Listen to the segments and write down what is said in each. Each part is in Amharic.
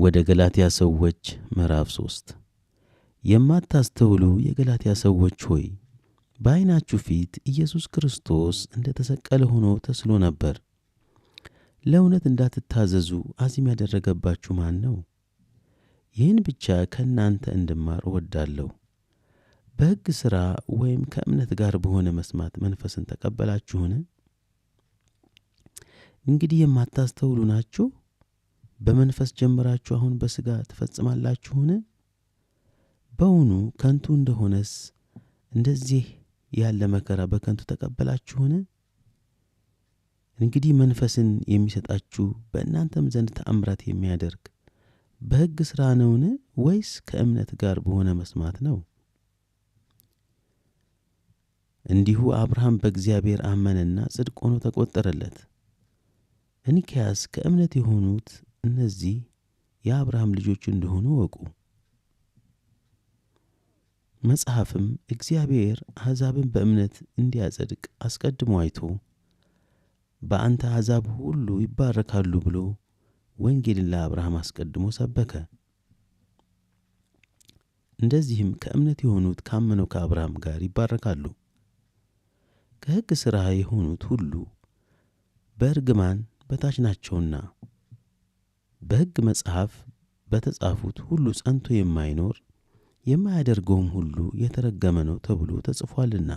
ወደ ገላትያ ሰዎች ምዕራፍ 3 የማታስተውሉ የገላትያ ሰዎች ሆይ በዓይናችሁ ፊት ኢየሱስ ክርስቶስ እንደ ተሰቀለ ሆኖ ተስሎ ነበር። ለእውነት እንዳትታዘዙ አዚም ያደረገባችሁ ማን ነው? ይህን ብቻ ከእናንተ እንድማር እወዳለሁ። በሕግ ሥራ ወይም ከእምነት ጋር በሆነ መስማት መንፈስን ተቀበላችሁን? እንግዲህ የማታስተውሉ ናችሁ በመንፈስ ጀምራችሁ አሁን በሥጋ ትፈጽማላችሁን? በውኑ ከንቱ እንደሆነስ እንደዚህ ያለ መከራ በከንቱ ተቀበላችሁን? እንግዲህ መንፈስን የሚሰጣችሁ በእናንተም ዘንድ ተአምራት የሚያደርግ በሕግ ሥራ ነውን? ወይስ ከእምነት ጋር በሆነ መስማት ነው? እንዲሁ አብርሃም በእግዚአብሔር አመነና ጽድቅ ሆኖ ተቆጠረለት። እንኪያስ ከእምነት የሆኑት እነዚህ የአብርሃም ልጆች እንደሆኑ ወቁ መጽሐፍም እግዚአብሔር አሕዛብን በእምነት እንዲያጸድቅ አስቀድሞ አይቶ በአንተ አሕዛብ ሁሉ ይባረካሉ ብሎ ወንጌልን ለአብርሃም አስቀድሞ ሰበከ። እንደዚህም ከእምነት የሆኑት ካመነው ከአብርሃም ጋር ይባረካሉ። ከሕግ ሥራ የሆኑት ሁሉ በእርግማን በታች ናቸውና በሕግ መጽሐፍ በተጻፉት ሁሉ ጸንቶ የማይኖር የማያደርገውም ሁሉ የተረገመ ነው ተብሎ ተጽፏልና።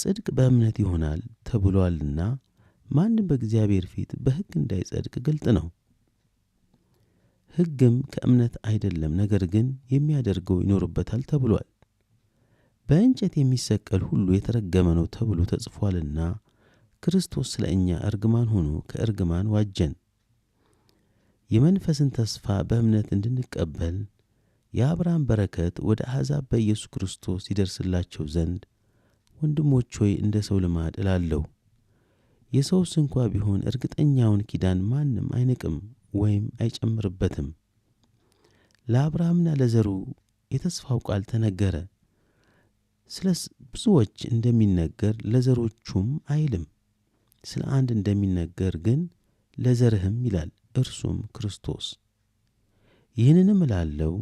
ጽድቅ በእምነት ይሆናል ተብሏልና ማንም በእግዚአብሔር ፊት በሕግ እንዳይጸድቅ ግልጥ ነው። ሕግም ከእምነት አይደለም፣ ነገር ግን የሚያደርገው ይኖርበታል ተብሏል። በእንጨት የሚሰቀል ሁሉ የተረገመ ነው ተብሎ ተጽፏልና ክርስቶስ ስለ እኛ እርግማን ሆኖ ከእርግማን ዋጀን። የመንፈስን ተስፋ በእምነት እንድንቀበል የአብርሃም በረከት ወደ አሕዛብ በኢየሱስ ክርስቶስ ይደርስላቸው ዘንድ ወንድሞች ሆይ እንደ ሰው ልማድ እላለሁ። የሰውስ እንኳ ቢሆን እርግጠኛውን ኪዳን ማንም አይንቅም ወይም አይጨምርበትም። ለአብርሃምና ለዘሩ የተስፋው ቃል ተነገረ። ስለ ብዙዎች እንደሚነገር ለዘሮቹም አይልም፣ ስለ አንድ እንደሚነገር ግን ለዘርህም ይላል። እርሱም ክርስቶስ። ይህንንም እላለው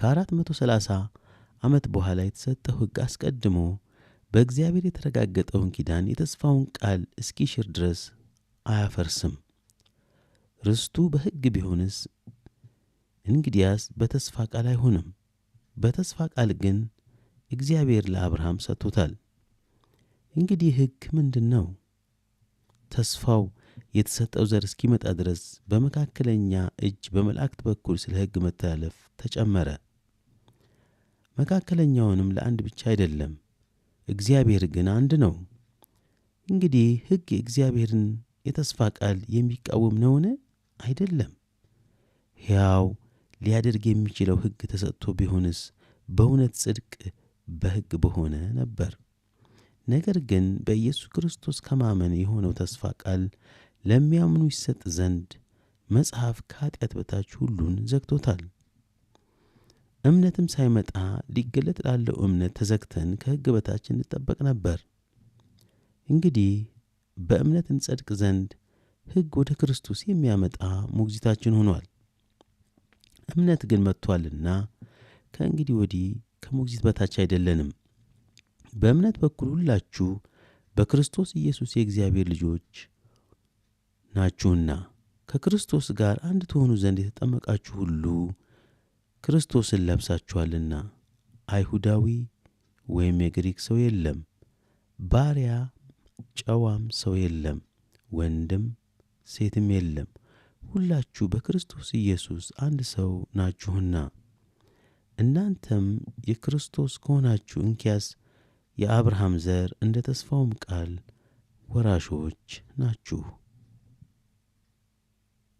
ከአራት መቶ ሰላሳ ዓመት በኋላ የተሰጠው ሕግ አስቀድሞ በእግዚአብሔር የተረጋገጠውን ኪዳን የተስፋውን ቃል እስኪሽር ድረስ አያፈርስም። ርስቱ በሕግ ቢሆንስ እንግዲያስ በተስፋ ቃል አይሆንም። በተስፋ ቃል ግን እግዚአብሔር ለአብርሃም ሰጥቶታል። እንግዲህ ሕግ ምንድን ነው? ተስፋው የተሰጠው ዘር እስኪመጣ ድረስ በመካከለኛ እጅ በመላእክት በኩል ስለ ሕግ መተላለፍ ተጨመረ። መካከለኛውንም ለአንድ ብቻ አይደለም፣ እግዚአብሔር ግን አንድ ነው። እንግዲህ ሕግ የእግዚአብሔርን የተስፋ ቃል የሚቃወም ነውን? አይደለም። ሕያው ሊያደርግ የሚችለው ሕግ ተሰጥቶ ቢሆንስ በእውነት ጽድቅ በሕግ በሆነ ነበር። ነገር ግን በኢየሱስ ክርስቶስ ከማመን የሆነው ተስፋ ቃል ለሚያምኑ ይሰጥ ዘንድ መጽሐፍ ከኃጢአት በታች ሁሉን ዘግቶታል። እምነትም ሳይመጣ ሊገለጥ ላለው እምነት ተዘግተን ከሕግ በታች እንጠበቅ ነበር። እንግዲህ በእምነት እንጸድቅ ዘንድ ሕግ ወደ ክርስቶስ የሚያመጣ ሞግዚታችን ሆኗል። እምነት ግን መጥቷልና ከእንግዲህ ወዲህ ከሞግዚት በታች አይደለንም። በእምነት በኩል ሁላችሁ በክርስቶስ ኢየሱስ የእግዚአብሔር ልጆች ናችሁና ከክርስቶስ ጋር አንድ ትሆኑ ዘንድ የተጠመቃችሁ ሁሉ ክርስቶስን ለብሳችኋልና። አይሁዳዊ ወይም የግሪክ ሰው የለም፣ ባሪያ ጨዋም ሰው የለም፣ ወንድም ሴትም የለም፣ ሁላችሁ በክርስቶስ ኢየሱስ አንድ ሰው ናችሁና። እናንተም የክርስቶስ ከሆናችሁ እንኪያስ የአብርሃም ዘር እንደ ተስፋውም ቃል ወራሾች ናችሁ።